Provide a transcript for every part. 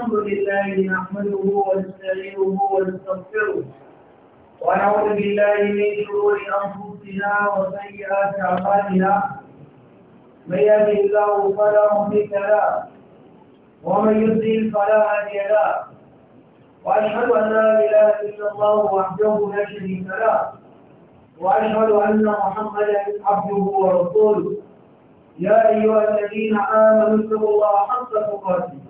الحمد لله نحمده ونستعينه ونستغفره ونعوذ بالله من شرور انفسنا وسيئات اعمالنا من يهد الله فلا مضل له ومن يضلل فلا هادي له واشهد ان لا اله الا الله وحده لا شريك له واشهد ان محمدا عبده ورسوله يا ايها الذين امنوا اتقوا الله حق تقاته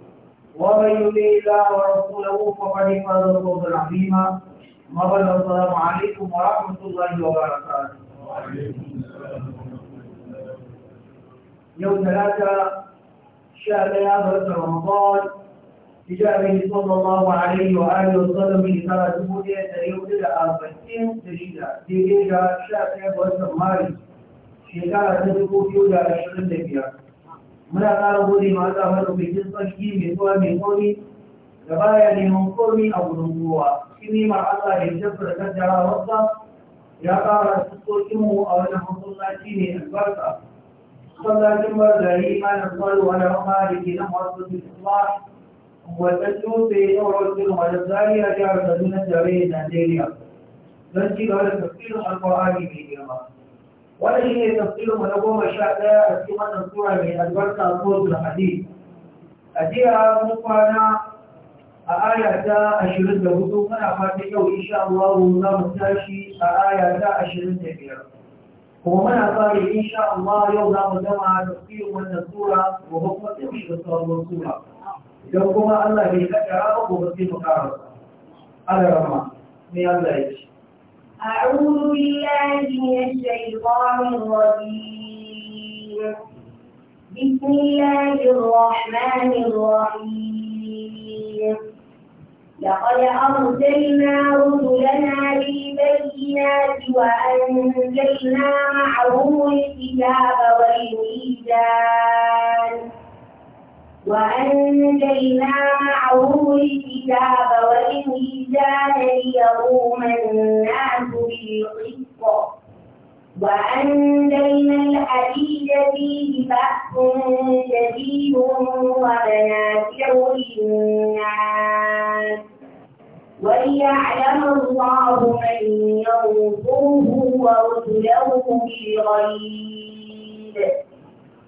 ومن يطيع الله ورسوله فقد فاز فوزا عظيما ما السلام عليكم ورحمه الله وبركاته يوم ثلاثة شهر هذا رمضان تجاهه صلى الله عليه وآله وسلم من ثلاث مدة تريد إلى أربعين تشيدة دقيقة شهر هذا مارس شهر هذا تقول شهر عشرين رمضان muna ƙara gode ma Allah madaukakin sarki mai zuwa mai komi da baya neman komi a gudun kowa shi nemar Allah da ya da kaddara wasa ya ƙara fuskokinmu a wannan masallaci ne albarka masallacin margari malam tsaro wani rama da ke nan wasu su isma wajen dutse yawar wajen wajen zariya jihar kaduna tare da najeriya don ci gaba da tafsirin alƙur'ani mai girma Wani shi ne tafsirin mu na goma sha ɗaya a cikin wannan tura mai albarka ko da hadisi a jiya mun kwana a aya ta ashirin da hudu muna fatan yau insha Allah za mu tashi a aya ta ashirin da biyar kuma muna fara insha Allah yau za mu gama tafsirin wannan tura gobe kuma sai mu shiga sauran tura, idan kuma Allah bai kaddara ba gobe sai mu karanta Allah rahma me Allah ya ce أعوذ بالله من الشيطان الرجيم بسم الله الرحمن الرحيم لقد أرسلنا رسلنا بالبينات وأنزلنا معهم الكتاب والميزان وأنجينا معه الكتاب والإنجيل ليقوم الناس بالقسط وأنجينا الحديد فيه بأس شديد ومنافع للناس وليعلم الله من ينصره ورسله بالغيب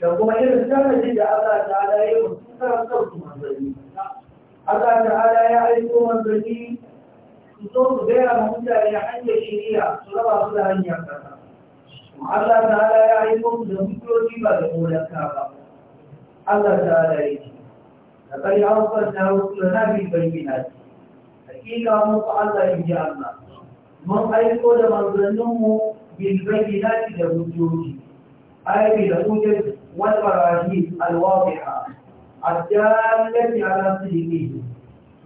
da kuma irin tanadi da Allah Ta Ala ya yi musu karantar su manzanni Allah Ta Ala ya aiko manzanni su zo su gaya ma mutane hanyar shiriya su raba su da hanyar kaza Allah Ala ya aiko su da mutuwoci ba da molaka ba Allah Ta Ala ya ce da kai haifar da wasu na bi na ce hakika mun fa Allah in ji Allah mun aiko da manzanninmu na bayyana da mutuwoci ayyuka da hujjar والمراهيب الواضحة الدالة على صدقه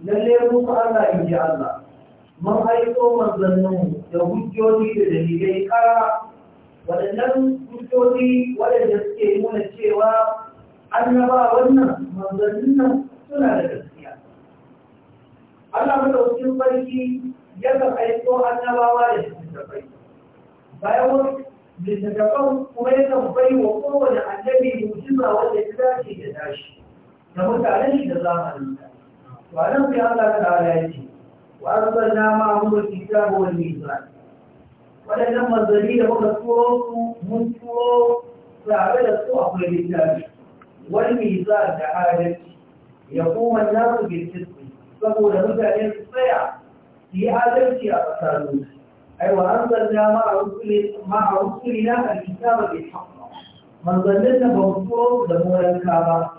lalle muku Allah in ji Allah mun haiko manzannin da hujjoji da dalilai kara waɗannan hujjoji waɗanda suke nuna cewa annaba wannan nan suna da gaskiya Allah madaukakin sarki yakan aiko annabawa da shi bayan littattafan kuma yakan bai wa kowane annabi musulma wanda ya dace da tashi da mutanen shi da zamanin sa to a nan sai Allah ta'ala ya ce wa arsalna ma huwa kitabu wal mizan wadannan manzanni da muka turo su mun turo tare da su akwai littafi wal mizan da adalci ya kuma nasu bil saboda mutane su tsaya su yi adalci a tsakaninsu أي وأنزلنا مع رسول مع رسولنا الكتاب بالحق من ظننا بمصور دمونا الكعبة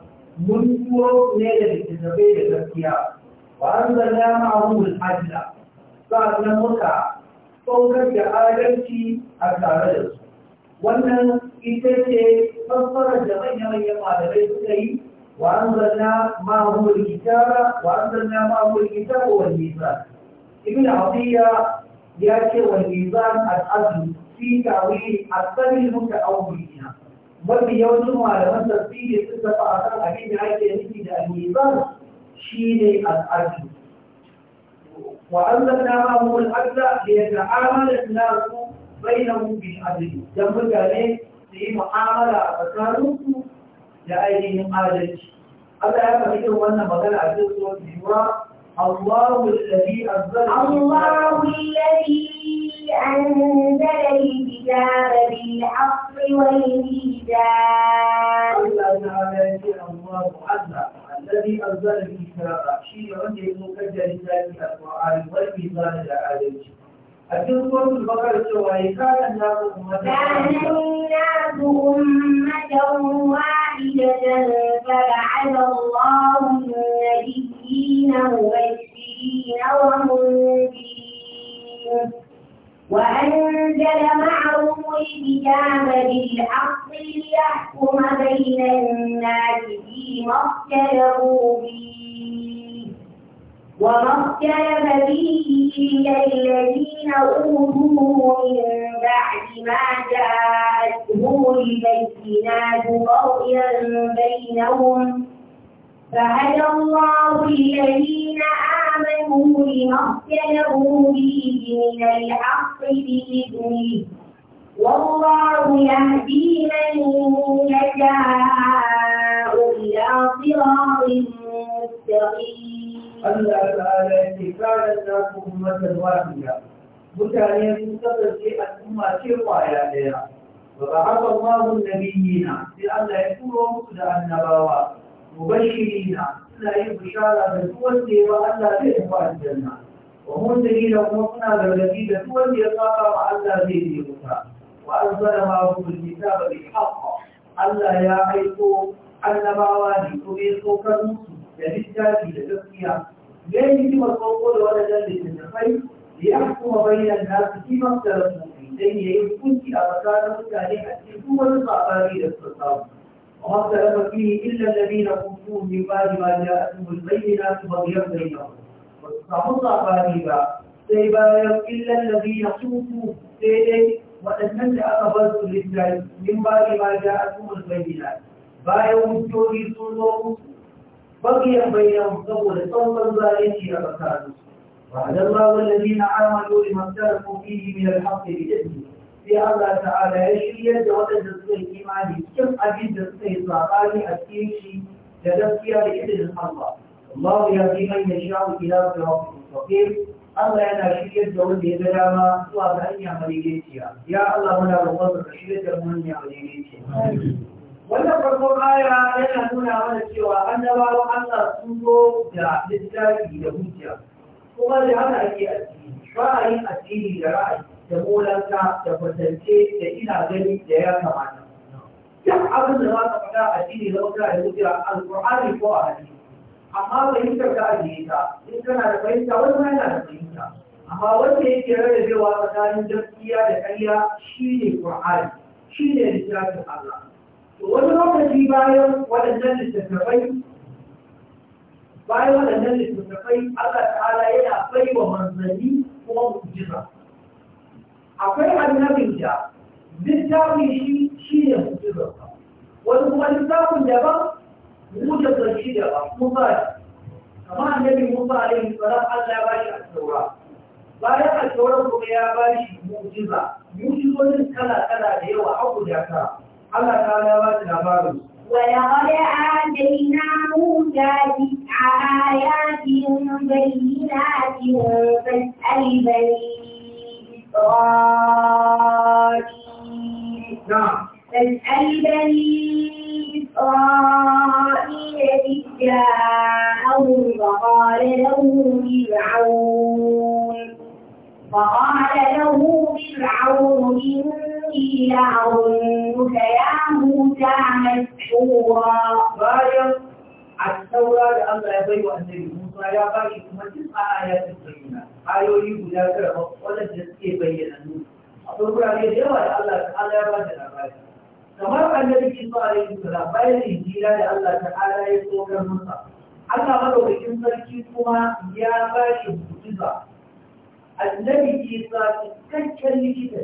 منصور نيل بالتنبيه للأسياء وأنزلنا معهم الحجلة فأنا مكع saukar da adalci a tare da su wannan ita ce fassarar da manya-manyan malamai suka yi wa an zanna ma'amul kitara wa an zanna ma'amul kitara wa nisa ibn abdiya ya ce wa nizam al'adu fi tawili asali muka aurina mafi yawancin malaman tafsiri sun tafi a kan abin da ake nufi da nizam shi ne al'adu wa an zanna ma mu al'adda da ya ta'amala na bainahu bil adli dan mutane su yi mu'amala a tsakaninku da ainihin adalci Allah ya faɗi wannan magana a cikin sura الله الذي أنزل الله الذي أنزل الكتاب بالحق والميزان إلا عليك الله عز الذي أنزل الكتاب شيء وجه مكجل ذلك القرآن والميزان لعليك أجل سورة البقرة سواء كان الناس أمة كان الناس أمة واحدة فبعث الله النبي مشركين مبشرين ومنذرين وأنزل معه الكتاب بالحق ليحكم بين الناس فيما اختلفوا فيه وما اختلف فيه إلا الذين أوتوه من بعد ما جاءتهم البينات بغيا بينهم فهدى الله الذين آمنوا لما اختلفوا به من الحق بإذنه والله يهدي من يشاء إلى صراط مستقيم. الله تعالى كان الناس أمة واحدة mutane sun kasance al'umma ce kwaya ɗaya. Ba ba haka Allahun nabiyina sai Allah ya turo musu da annabawa مبشرين لا يبشارة بتوزي وألا تهوى الجنة ومنزلين ومقنا بالذي بتوزي الطاقة وألا تهدي أخرى وأنزل معهم الكتاب بالحق ألا يعرفوا أن معواني يعني تبيقوا كالمسلم للتاكي لتسكية لن يجب القول ولا جلد من الخير ليحكم بين الناس فيما اختلفوا فيه لن يكون في كان مكاني حتى يكون الصعباني للسلطان وما اختلف فيه إلا الذين كفروا من بعد ما جاءتهم البينات بغيا بينهم وتستعمل أقاربا سيبا طيب، إلا الذين كفروا سيدي طيب، وأنت أقبلت للجل من بعد ما جاءتهم البينات بايا الجوري صلوه بغيا بينهم قبل صوتا ظالمين فكانوا وعلى الله الذين عاملوا لما اختلفوا فيه من الحق بإذنه sai Allah ta'ala ya shirya da waɗanda suka yi imani cikin abin da suka yi sabani a cikin shi da gaskiya da izinin Allah Allah ya fi man ya sha ila siratul mustaqim Allah yana shirya da wanda ya ga ma zuwa ga hanya madaidaiciya ya Allah muna roƙon ka shirya da hanya madaidaiciya wannan farkon baya yana nuna mana cewa annabawan Allah sun zo da littafi da hujja kuma da hana ake addini ba a yin addini da ra'ayi da molanka da kwatance da ina gani da ya kamata duk abin da za ka faɗa a jini zama kana da a alƙur'ani ko a hadisi amma fahimtar ta ajiye ta in kana da fahimta wani ma yana da fahimta amma wanda yake rarrabewa tsakanin gaskiya da ƙarya shine qur'ani shine littafin Allah to wani lokaci bayan waɗannan littattafai bayan waɗannan littattafai Allah ta'ala yana baiwa manzanni kuma mu'jiza akwai annabin da littafin shi shi ne mutum wani kuma littafin daban da shi daban musa kamar annabi musa alaihi salam Allah ya bashi al saura, bayan al-taura kuma ya bashi mu'jiza mu'jizojin kala kala da yawa a guda tara Allah ta ya bashi labarin ولقد آتينا موسى آيات بينات فاسأل بني إسرائيل نعم. بني إسرائيل إذ جاءهم فقال له فرعون فقال له فرعون إني لأظنك يا موسى مسحورا بايا التوراة الله يبين أن موسى يا ثم تلقى آيات البينات ayoyi guda tara da suke bayyana nuna akwai wurare da yawa da Allah ta'ala ya ba da labari kamar annabi Isa alaihi salam bayan hijira da Allah ta ta'ala ya so kan masa Allah madaukakin sarki kuma ya ba shi mu'jiza annabi Isa cikakken likita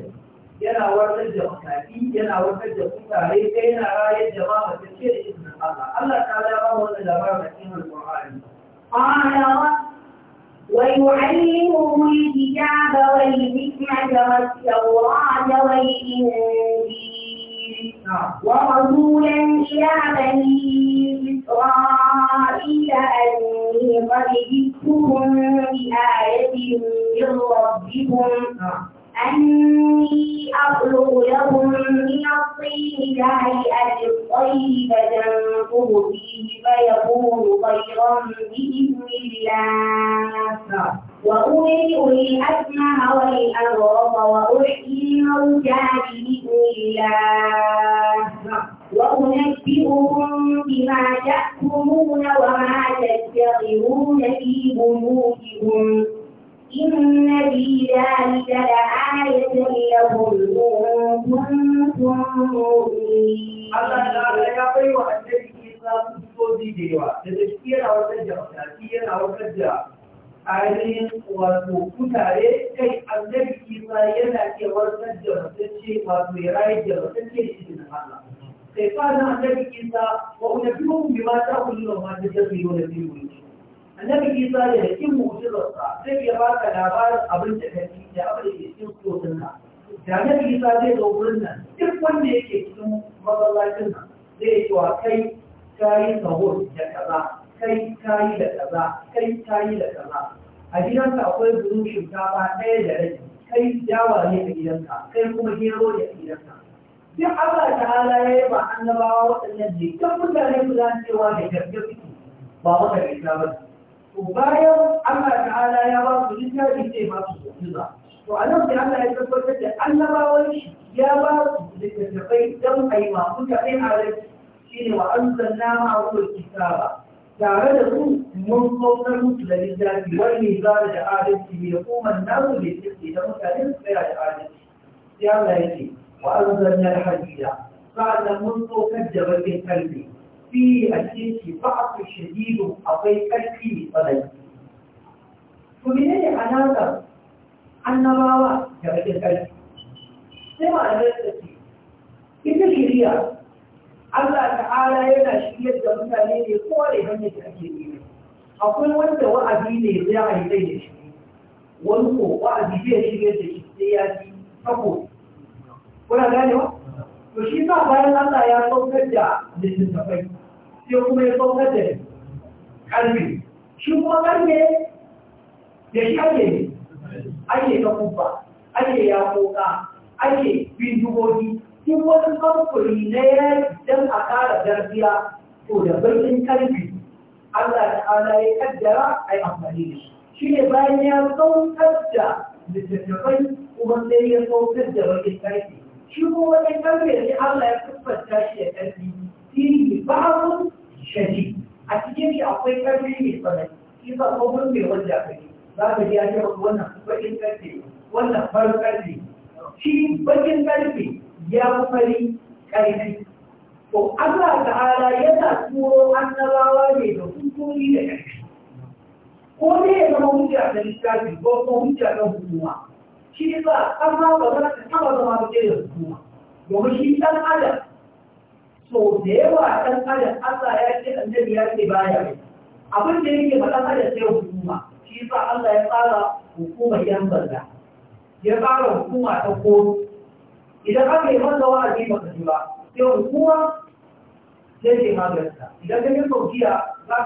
yana warkar da makafi yana warkar da kutare sai yana rayar da mamata ce da izinin Allah Allah ta'ala ya ba mu wannan labarin a cikin Al-Qur'ani ويعلمهم الكتاب والحكمة والتوراة والإنجيل نعم. ورسولا إلى بني إسرائيل أني قد جئتكم بآية من ربكم نعم. أني أخلق لهم من الطين كهيئة الطير فتنفخ فيه فيكون طيرا بإذن الله وأبرئ الأكمه والأبرص وأحيي الموتى بإذن الله وأنبئهم بما تأكلون وما تدخرون في بيوتكم إن في ذلك لآية لهم إن كنتم مؤمنين. Allah ya bai wa annabi da yawa, da gaskiya na wata da wata ainihin wato kutare kai annabi Isa yana iya warkar da matacce wato ya rayu da matacce da izinin Allah. Sai fa annabi Isa wa unabiyuhum bima ta'kuluna wa ma tajiduna biyu buyutikum. annabi isa da yakin mu'jizarsa zai iya baka labarin abin da kake da abin da ke cikin nan da annabi isa zai zo wurin nan duk wanda yake cikin masallacin nan zai cewa kai kayi sahur da kaza kai kayi da kaza kai kayi da kaza a gidanka akwai burin shinkafa ɗaya da rabi kai dawa ne a gidanka kai kuma gero ne a gidanka duk Allah ta'ala ya yi ba annabawa waɗannan ne kan mutane su zan cewa da gargaɗi ba wata gaisa ba bayan Allah ta'ala ya ba su littafi zai ba su mu'jiza to a nan sai Allah ya tabbatar da annabawan shi ya ba su littattafai don a yi masu kaɗai adalci shine wa anzalna ma'ahul kitaba tare da su mun saukar musu da littafi wani da adalci ne kuma nasu da kirki da mutane su tsaya da adalci sai ce wa anzalna al-hadida sa'an mun saukar da bakin kalbi fi a cikin shi ba a su shahidu akwai ƙarfi mai tsanani. To mene ne alaƙar annabawa da bakin ƙarfi? Sai ma alaƙar ta ce, ita shirya Allah ta'ala yana shirya da mutane ne kowa da hanyar da ake yi. Akwai wanda wa'azi ne ya haifai da shi, wani ko wa'azi zai shiryar da shi sai ya ji tako. Kuna ganewa? to shi sa bayan Allah ya saukar da littattafai sai kuma ya saukar da kalbi shi kuma kalbi da shi ake ne ake ta kubba ake ya koka ake bindigogi duk wani kamfuri na yaki don a kara garbiya to da bakin kalbi Allah ta'ala ya kaddara a yi amfani da shi shi ne bayan ya saukar da littattafai kuma sai ya saukar da bakin kalbi shi ko wani karfe ne Allah ya siffanta shi da karfi fihi ba'un shadi a cikin shi akwai karfi mai tsanani shi ba ko mun bai wanda kai za ka ji a ce wannan baƙin karfe wannan farin ƙarfe. shi bakin ƙarfe ya fari karfi to Allah ta'ala yana turo annabawa ne da hukumi da ƙarfi. ko ne ya zama hujja ta littafi ko kuma hujja ta hukuma shi ne ba ƙasa ba za ta taɓa zama da hukuma shi ɗan adam so yawa ɗan adam Allah ya ce annabi ya abin da yake ba ɗan adam sai hukuma Allah ya tsara hukumar yan ya tsara hukuma ta kotu idan aka yi masa wa'azi zai idan ka za ka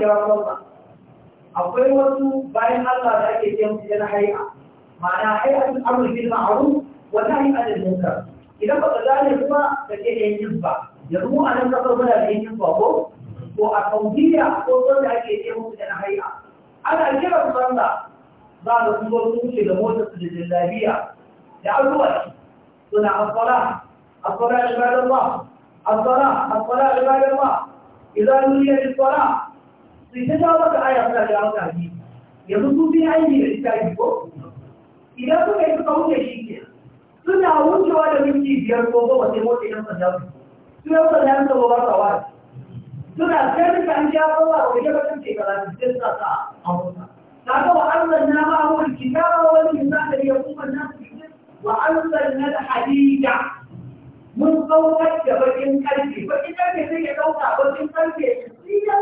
da zai akwai wasu bayan Allah da ake ce musu yana hai'a ma'ana hai'a sun amur bil ma'ruf wata nahi anil munkar idan ba ka gane kuma ka ce da yin ba yanzu mu a nan kasar muna da yin ba ko ko a Saudiya ko son wanda ake ce musu yana hai'a ana kira sallah za a kuma sun wuce da motar su da jallabiya da abubuwa suna asfara asfara ibadallah asfara asfara ibadallah idan nuriya da Sai ta kawo maka aya suna da hauka ne yanzu su fi aiki da littafi ko idan suka yi suka wuce shi ke suna wucewa da minti biyar ko goma sai motsa yan sanda su su yan sanda yan sanda ba sa wani suna kai da an ja kowa a wajen wajen shekara su sai suna sa a motsa ta ga wa Allah na ba mu kitaba wani misali ya kuma na su wa Allah na da hadida mun saukar da bakin karfe bakin karfe sai ya dauka bakin karfe ya tsira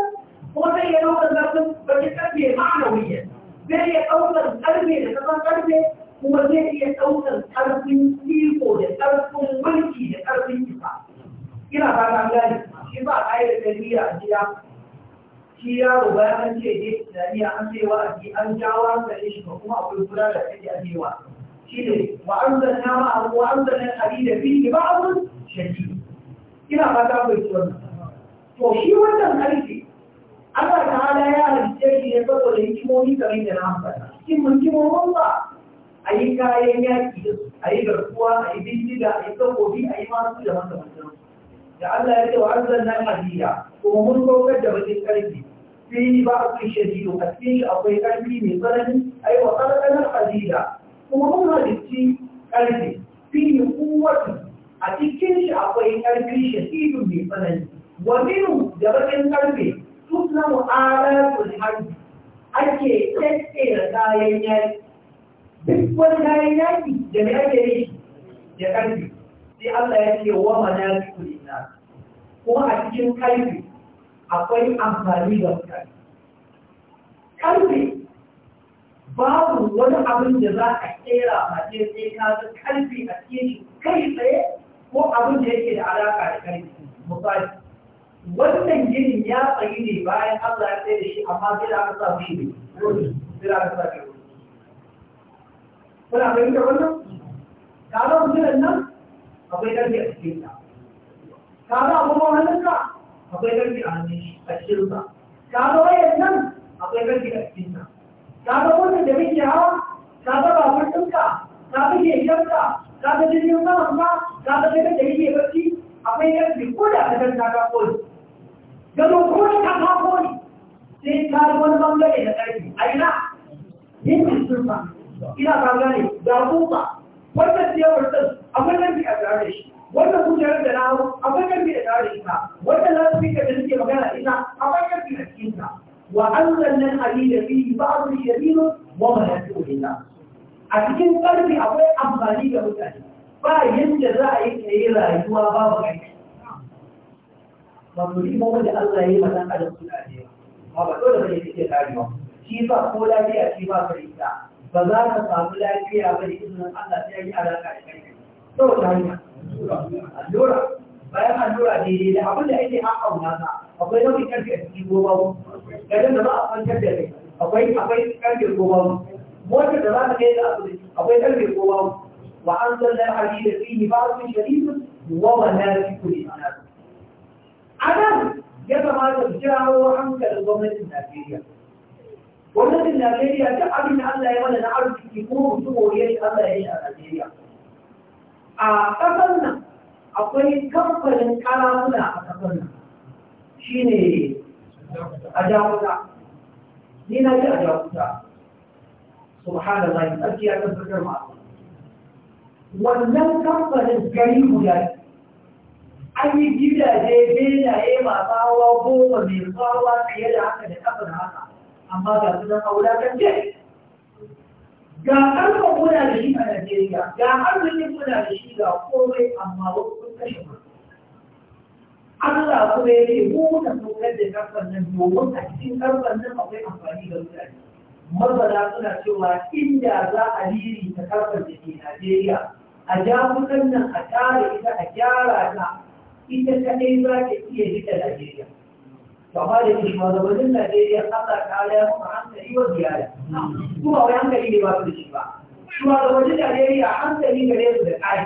kuma zai iya ɗaukar zarfin bakin ƙarfe ma'anawiyya zai iya ɗaukar ƙarfe da kasan ƙarfe kuma zai iya ɗaukar ƙarfin iko da ƙarfin mulki da ƙarfin isa ina ba ta gani shi ba a yi da tarbiyya a gida shi yaro bayan an ce je islamiyya an ce wa aji an jawo an hankali shi ba kuma akwai kula da kake ajewa shi ne wa an zanna ma abu wa an zanna ali da fi ba abun shaki ina ba ta bai to shi wannan ƙarfe Allah ta'ala ya halice shi ne saboda hikimomi kamar da na Shin ambata cikin hikimomin ba a yi kayan yaki, da su a yi garkuwa a yi bindiga a yi takobi a yi masu da makamantan da Allah ya ce wa arzan nan hadiya kuma mun saukar da bakin karfi fi ba a su shadidu a cikin shi akwai karfi mai tsanani a yi wa tsarkanar hadiya kuma mun halicci karfi fi kuwatu a cikin shi akwai karfi shadidu mai tsanani wa minu da bakin karfe tutla mu'alatul hajji ake da kayan yaki duk wani kayan yaki da mai ake yi da karfi sai Allah ya ce wa mana cikin ina kuma a cikin karfi akwai amfani da mutane karfi babu wani abin da za a kera a cikin sai ka ga karfi a cikin kai tsaye ko abin da yake da alaka da karfi misali wannan ginin ya tsayi ne bayan Allah ya tsaye da shi amma sai da aka sa shi ne sai da aka sa shi ne kuna fahimtar wannan kaga mutumin nan akwai ƙarfi a cikin sa kaga abubuwan hannun sa akwai ƙarfi a hannun shi a cikin sa kaga wayan nan akwai ƙarfi a cikin sa kaga wannan da muke hawa kaga babur ɗinka kaga shekarka kaga jirgin saman ka kaga jirgin da yake barci akwai ƙarfi ko da ka ta ka koli gado ko ka kako ne sai ka wani bangare da ƙarfi a ina yin kusurfa ina ka gane ga kuka wannan siyawar ɗin akwai ƙarfi a tare shi wannan kujerar da na hau akwai ƙarfi a tare da ita wannan lafiyar da suke magana ina akwai ƙarfi a cikin ta wa anzalna al-hadida fihi ba'dhu shadidun wa malaikatu lillah a cikin ƙarfi akwai amfani ga mutane ba yadda za a yi ka yi rayuwa babu ƙarfi masu hikimomin da Allah ya yi mazan adam suna Ba yawa amma ba dole bane take karewa shi ba ko lafiya shi ba farisa ba za ka samu lafiya ba da izinin Allah sai ya yi alaka da kai saboda ba allura bayan allura daidai da abin da ake auna ka. akwai nau'in karfe a cikin goma gadon da ba a kwantar da kai akwai akwai karfe goma motar da za ka kai da abu akwai karfe goma wa an zalla hadida fihi ba'dun sharifun wa manafiqun lin-nas a ya kamata su jawo hankalin gwamnatin Najeriya. Gwamnatin Najeriya ta abin da Allah ya mana na arziki ko mutum wuri Allah ya yi a Najeriya. A ƙasar nan akwai kamfanin karafuna a ƙasar nan shi ne a jakuta. Ni na ji a jakuta. Subhanallah, tsarki ya tabbatar ma. Wannan kamfanin gari guda an yi gidaje benaye masu hawa goma mai tsawa fiye da haka da kafin haka amma ga su nan haula kan ce ga ƙarfin kuna da shi a Najeriya ga arzikin kuna da shi ga komai amma wasu sun kashe mu Allah kuma ya ce mu muka saukar da ƙarfin nan domin a cikin ƙarfin nan akwai amfani ga mutane masana suna cewa inda za a riri ta ƙarfin da ke Najeriya a ja kusan nan a tara ita a gyara ta ita kaɗai za ta iya rike Najeriya. Kama da ke shugabannin Najeriya Allah ta ya kuma hankali wa ziyara. Kuma wai hankali ne ba su da shi ba. Shugabannin Najeriya hankali gare su da ƙari.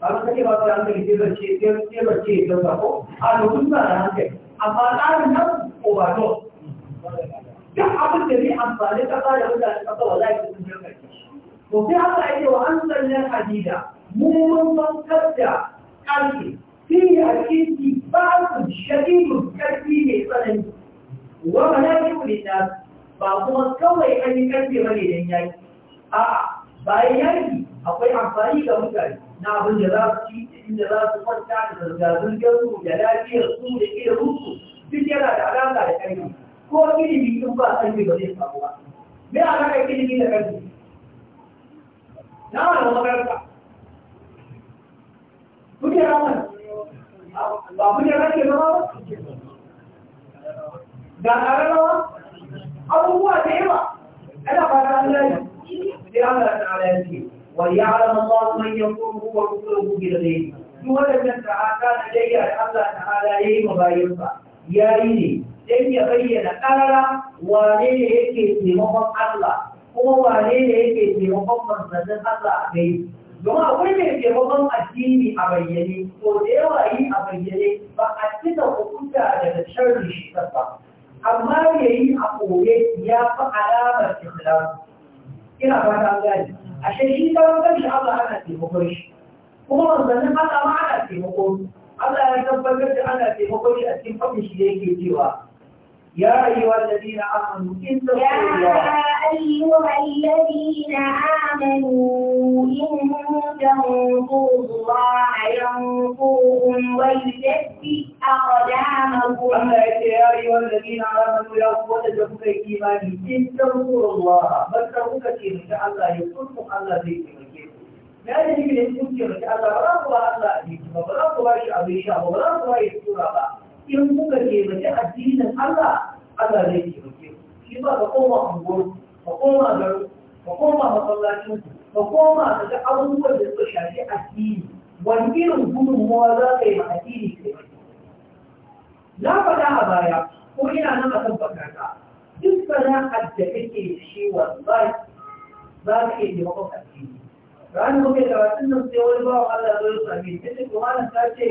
kake ba su da hankali sai barce sai barce ya zauka ko a lokacin ba da hankali. Amma tsarin nan ko ba to. Duk abin da amfani da sun To sai haka ake wa an sanya hadida. Mu mun san kar da ƙarfi فيه أكيد بعض شديد كثير مثلا ومنافع للناس بعضهم كوي أن يكثر من الناس آه بايعي أقول عن طريقة مثلا نعم الجراسي إن الجراسي قد كان الجراسي الجرسو جلالي رسول إلى رسول بجرى العلاقة لكيهم هو إلي بيكون بقى أي بغير الله ما علاقة إلي بيكون لكيهم نعم الله بيكون كل يوم ba ku ne kake zama ba da ƙararrawa abubuwa da yawa ana fata an gani sai Allah ta ala yake wa ya'lamu Allahu man yakunu wa rusuluhu bil ghaib duk wannan da aka da dayya Allah ta ala yayi mabayin ba yi ne dan ya bayyana ƙarara wane ne yake taimakon Allah kuma wane ne yake taimakon manzannin Allah a gaibi domin akwai mai taimakon addini a bayyane ko da yawa yi a bayyane ba a cika hukunta daga sharri shi ba amma ya yi a koye ya fi alamar ikhlas ina fata gani ashe shi ta wankan shi Allah ana taimakon shi kuma wanzannin Allah ma ana taimako Allah ya tabbatar da ana taimakon shi a cikin fadin shi yake cewa ya ayyuhal ladina amanu in taqullaha أيها الذين آمنوا إن تنصروا الله ينصركم ويثبت أقدامكم أما يا أيها الذين آمنوا يا قوة لكم الإيمان إن تنصروا الله بل تنصروا إن شاء الله ينصركم الله بكم na da nake da hukunci mace Allah ba za ku ba Allah abinci ba ba za ku ba shi abin sha ba ba za ku ba shi tura ba in kuka ke mace addinin Allah Allah zai taimake ku shi ba ga kowa anguwar ka koma garin ka koma masallacin ka koma ka ga abubuwan da suka shafi addini wani irin gudunmuwa za ka yi ma addini kai na faɗa a baya ko ina nan a kan bakata duk sana'ar da kake da shi wallahi za ka iya taimakon addini ranar muke da wasu nan sai wani bawa Allah zai yi sami ta ce kuma nan ta ce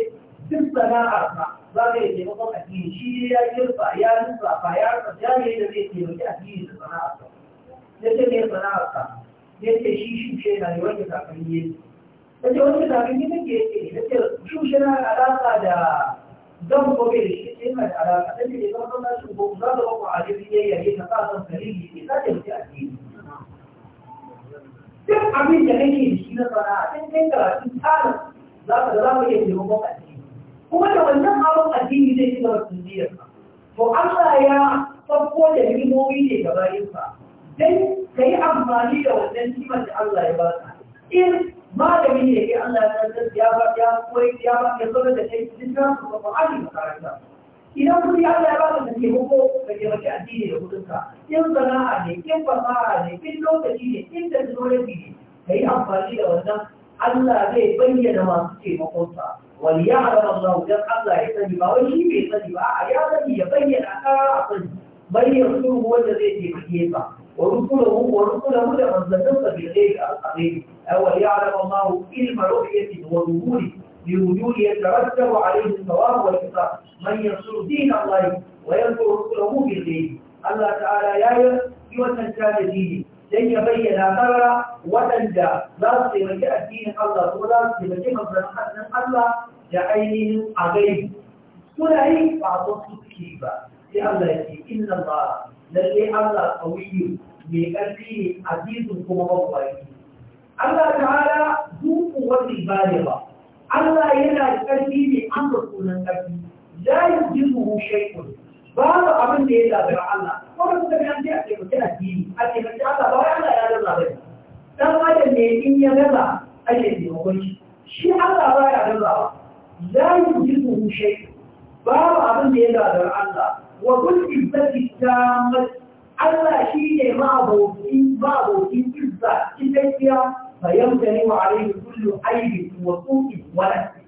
duk sana'ar ba za ka iya taimakon addini shi ne ya girfa ya nufa ba ya rasa jami'ai da zai taimaki addini da sana'ar ba na ce mai sana'arka ya ce shi shushe na ne wanda kakanni ya na ce wanda kakanni na ke yake na ce shushe na alaƙa da zan kobe da shi sai mai alaƙa ta ce zan zama shi ko za ka bako a jirgin yayya ne ka sa san sarili ne za ta wuce a jini duk abin da nake da shi na sana'a sai kai karatun tsarin za ka za mu iya taimakon addini kuma da wannan hawan addini zai ci gaba da tunjiyarka to Allah ya sauko da limomi ne gaba ka. sai ka yi amfani da wannan kimar da Allah ya ba ka in malami ne ke Allah ya san ya ba ya koyi ya ba ya da kai cikin ka ko ba ali makaranta idan kudi Allah ya ba ka take hukko ka je maka addini da kudin ka in sana'a ne in fasaha ne in lokaci ne in technology ne ka yi amfani da wannan Allah zai bayyana masu sa. wani ya haɗa Allah don Allah ya sani ba wani shi bai sani ba a ya sani ya bayyana ƙara a sani bayyana sulhu wanda zai taimake sa ورسله ورسله لمن ذكرت بالغيب القديم أو يعلم الله علم رؤية وظهور لوجود يترتب عليه الثواب والعقاب من ينصر دين الله وينصر رسله بالغيب الله تعالى يا يوسف كان الديني لن يبين مرة وتنجا لا جاء الدين الله ولا سيمكي حتى الله لعينهم عغيب سنعي بعض الكيبة لأن الله إن الله lalle Allah qawiyyun mai ƙarfi ne azizun kuma mabaki Allah ta'ala duku wani bane ba Allah yana ƙarfi ne an ga sunan ƙarfi yi la yujizuhu shay'un babu abin da ya gagara Allah kuma suka ga an ce a taimaki addini a taimaki Allah ba Allah ya gaza ba dan adam ne in ya gaza ake taimakon shi shi Allah ba ya gaza ba la yujizuhu shay'un babu abin da ya gagara Allah wa kulli zati tamat Allah shi ne ma'abokin ma'abokin izza cikakkiya fa yamtani wa alayhi kullu aibi wa su'i wa nafsi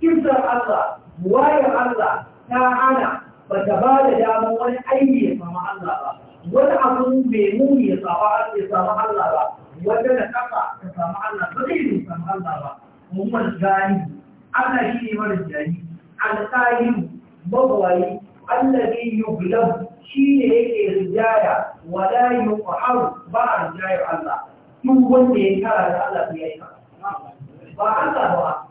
izzar Allah wayar Allah ta hana ba ta ba da damar wani aiki ya sama Allah ba wani abu mai muni ya sama ya sama Allah ba wanda da kafa ta sama Allah ba zai yi sama Allah ba mun wani gani Allah shi ne mara jani alƙayin mabawayi الذي يغلب yake رجايا ولا يقهر بعد رجايا Allah, duk wanda ya kara da Allah ya yi ba Allah ba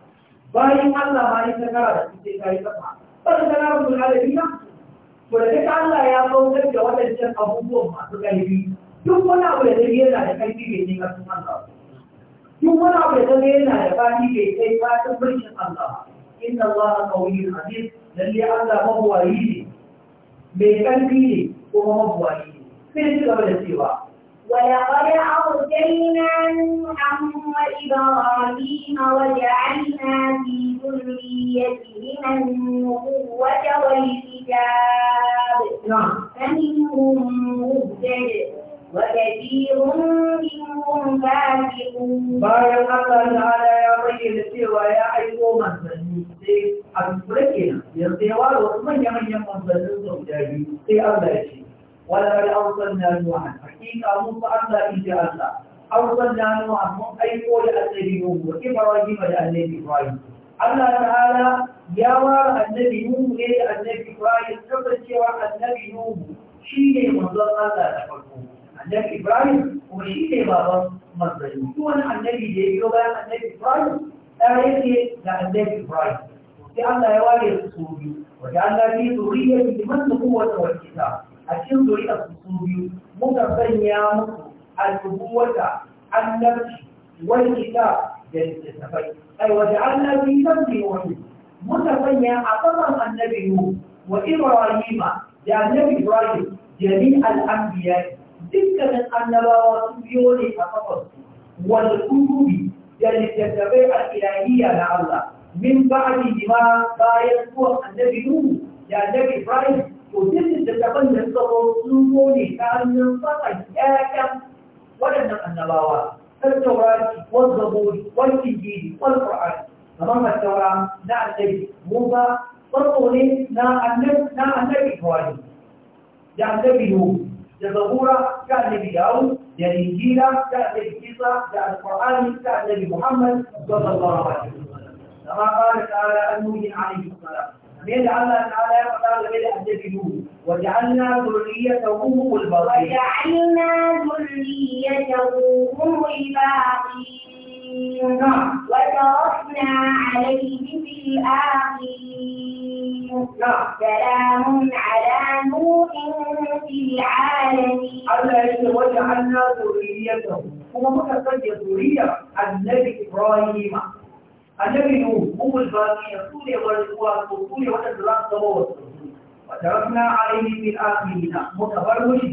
bayan Allah ma ya kara da shi kai kafa ba da kana rubu da dina to da kake Allah ya kautar da wadannan abubuwan masu kaifi duk wani abu da zai yana da kaifi bai ne kasu Allah duk wani abu da zai yana da fadi bai kai fadin mulkin Allah inna Allah qawiyyun aziz lalle Allah mabuwayi ne mai ولقد أرسلنا نوحا وإبراهيم وجعلنا في ذريتهما النبوة والكتاب نعم. فمنهم مهتد bayan Allah ta'ala ya da cewa ya aiko manzanni sai a kura kenan yanzu ya ware wasu manya-manyan manzannin sau da biyu sai Allah ya ce wala da ausan na nuwa hakika mun fi Allah in ji Allah ausan na nuwa mun aiko da annabi Nuhu wa Ibrahim da annabi Ibrahim Allah ta'ala ya ware annabi Nuhu ne da annabi Ibrahim kasancewa annabi Nuhu shi ne manzon Allah dan Ibrahim kuma shi ne baban manzanni duk wani annabi da ya biyo bayan annabi Ibrahim ɗaya yake da annabi Ibrahim sai Allah ya ware su su biyu wajen Allah ne zuriyar liman da kowace wakita a cikin zuriyar su su biyu muka sanya musu al-nubuwata annabci wal kitab da littattafai ai wajen Allah ne sabbi wani muka sanya a saman annabi mu, wa Ibrahima da annabi Ibrahim jami'al anbiya'i dukkanin annabawa su biyo ne a kafarsu wal kutubi da littattafai a ilahiyya na Allah min ba'di bima bayan zuwa annabi Nuhu da annabi Ibrahim to duk littattafan da suka zo sun zo ne ta hannun fasa ƴaƴan waɗannan annabawa tattaurari wal zaburi wal injili wal qur'ani kamar tattaura na annabi Musa farko ne na annabi na da annabi Nuhu da zabura ga annabi dawo da injila ga annabi isa da alqur'ani ga annabi muhammad sallallahu alaihi wasallam kama qala ta'ala annabi alaihi salam من الله تعالى يقدر من أهدفه وجعلنا ذريته هم الباقين وجعلنا ذريته هم الباقين وتركنا عليه في الآخرين سلام على نوح في العالمين الله يقول وجعلنا ذريته هو مكتب ذرية النبي إبراهيم النبي نوح هو الباقي رسول والقوات رسول وتدرس صوت وتركنا عليه في الآخرين متبرج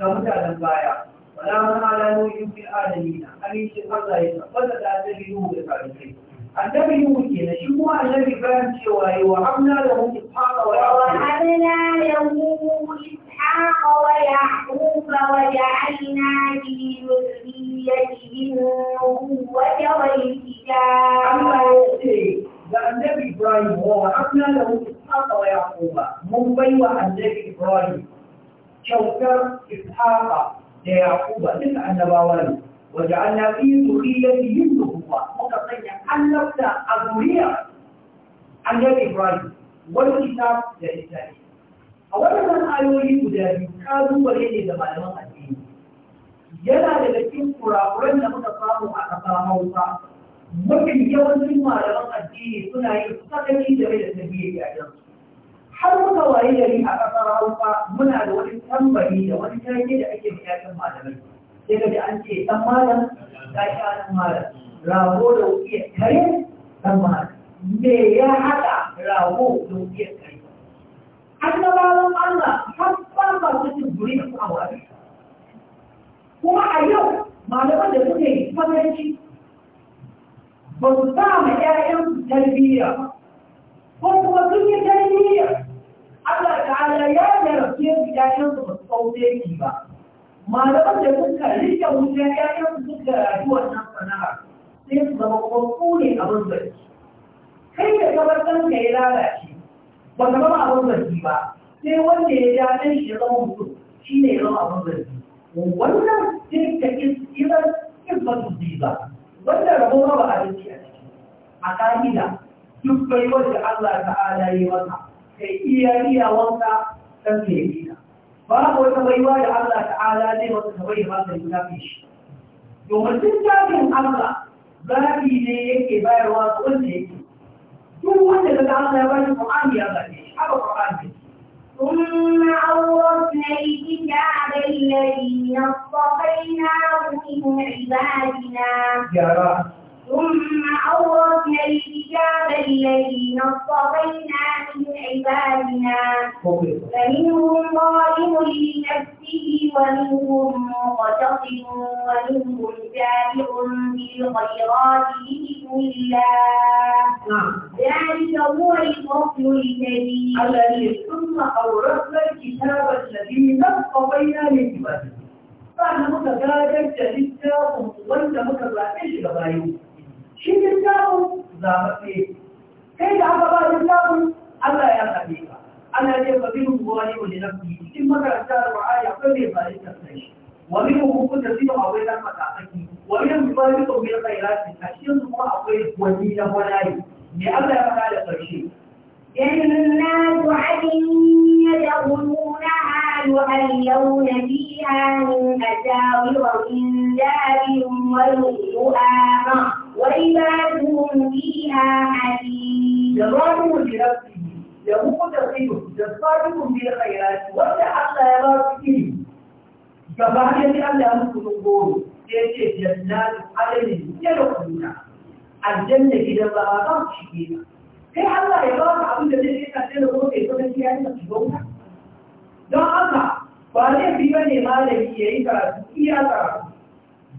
لمتى للغاية salamun ala nuhin fi alamina amincin Allah ya tabbata da annabi Nuhu da talibai annabi Nuhu kenan shi kuma annabi bayan cewa yi wa hamna da mu ishaqa wa wahabna lahu ishaqa wa yaqub wa ja'alna fi dhurriyyatihi nubuwwata wal kitab Allah ya ce da annabi Ibrahim wa wahabna lahu ishaqa wa yaqub mun baiwa annabi Ibrahim kyautar ishaqa da yaquba duka annabawa ne wa ja'alna fi dhurriyyatihim nubuwa muka sanya annabta a zuriya annabi ibrahim wani kitab da isra'il a wannan ayoyi guda biyu kalubale ne da malaman addini yana da cikin kurakuran da muka samu a ƙasa hausa mafi yawancin malaman addini suna yin sakaci da rai da tarbiyya a har muka waye gari a ƙasar hausa muna da wani tambari da wani take da ake bukatun malamai sai ka ji an ce ɗan malam ta sha nan malam rago da wukiyar kare ɗan malam me ya haɗa rago da wukiyar kare annabawan Allah har ba su cin guri da kuma kuma a yau malaman da suke yi fasanci ba su sa ma 'ya'yan tarbiyya ko kuma sun yi tarbiyya Allah ta'ala ya yarfe ku ƴaƴansu ba su sauke ki ba malaman da suka rike wuce ‘ya’yansu suka rayu wannan sana'a sai su zama kuma ne a zargi kai da kamar ka ya lalace ba ka zama a zargi ba sai wanda ya ja ɗan shi ya zama mutum shi ne ya zama a zargi wannan sai ka kisar kisbatu ba. wanda rabo ba a ciki a ciki a ƙa'ida duk baiwar da Allah ta'ala ya yi masa. kai iya iya wanka dan kai iya babu wata baiwa da Allah ta'ala zai wata ta bai masa littafi shi domin duk jami'in Allah zaɓi ne yake bayarwa ga wanda yake duk wanda daga Allah ya bashi Qur'ani ya zaɓe shi haka Qur'ani ثم أورثنا الكتاب الذين اصطفيناه من عبادنا ثم أورثنا الكتاب الذين اصطفينا من عبادنا فمنهم ظالم لنفسه ومنهم مقتصد ومنهم جامع بالخيرات بإذن الله نعم. ذلك هو الفصل الكبير الذي ثم أورثنا الكتاب الذين اصطفينا من عبادنا فأنا متفاجئ جدا وانت متفاجئ غيره shi littafin zaɓaɓɓe kai da aka ba littafin Allah ya zaɓe ka Allah ya ce fa bin ruwa ne wani nafi cikin makaranta da ba'ari akwai mai bari ta shi wa min hukun da zai akwai dan matsakaki wa min bari ko min khairati a cikin kuma akwai wani na wani me Allah ya faɗa da ƙarshe جنات عدن يدخلونها يحلون فيها من أساور من ذهب ولؤلؤا وعبادهم فيها حليم جرام لنفسه له متقين جسارك بالخيرات وابدا حتى يرى فيه gaba da ta Allah muku sun goro sai ce jannatu alamin ya da kuma aljanna gidan ba ba ku shige ba sai Allah ya ba abin da zai kai ka da ko kai ko kai ya ta shigo don haka ba ne ne malami yayi karatu iya karatu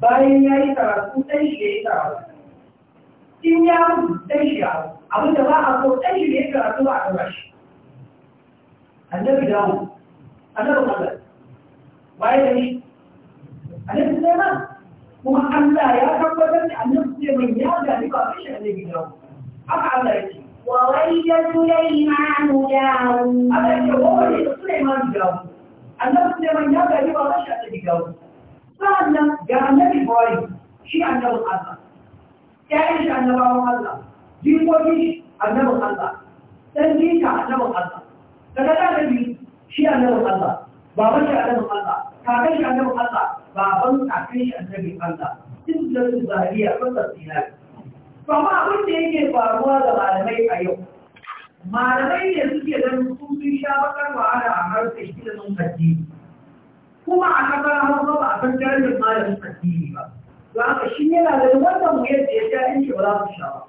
bayan yayi karatu sai yayi karatu in ya ɗan shi yawo abin da ba a so ɗan shi da ya karatu ba a ɗora shi annabi dawo annabi Allah waye da shi annabi Sulaiman kuma Allah ya tabbatar da annabi Sulaiman ya gani ba shi annabi dawo haka Allah ya ce wa wayya Sulaiman dawo Allah ya ce wa wayya Sulaiman dawo annabi Sulaiman ya gani ba shi annabi dawo sannan ga annabi Ibrahim shi annabi Allah ƴaƴan shi annabawan Allah jikoki annabin Allah dan jika annabin Allah daga ɗalibi shi annabin Allah baban shi annabin Allah kakan shi annabin Allah baban kakan shi annabin Allah duk da su zariya wata sinari to amma abin da yake faruwa da malamai a yau malamai ne suke zan su sun sha bakar wahala a harshe shi da sun kuma a kasar hausa ba a san darajar malamin addini ba don haka shi yana da wannan mu yadda ya sha in shi ba za su sha ba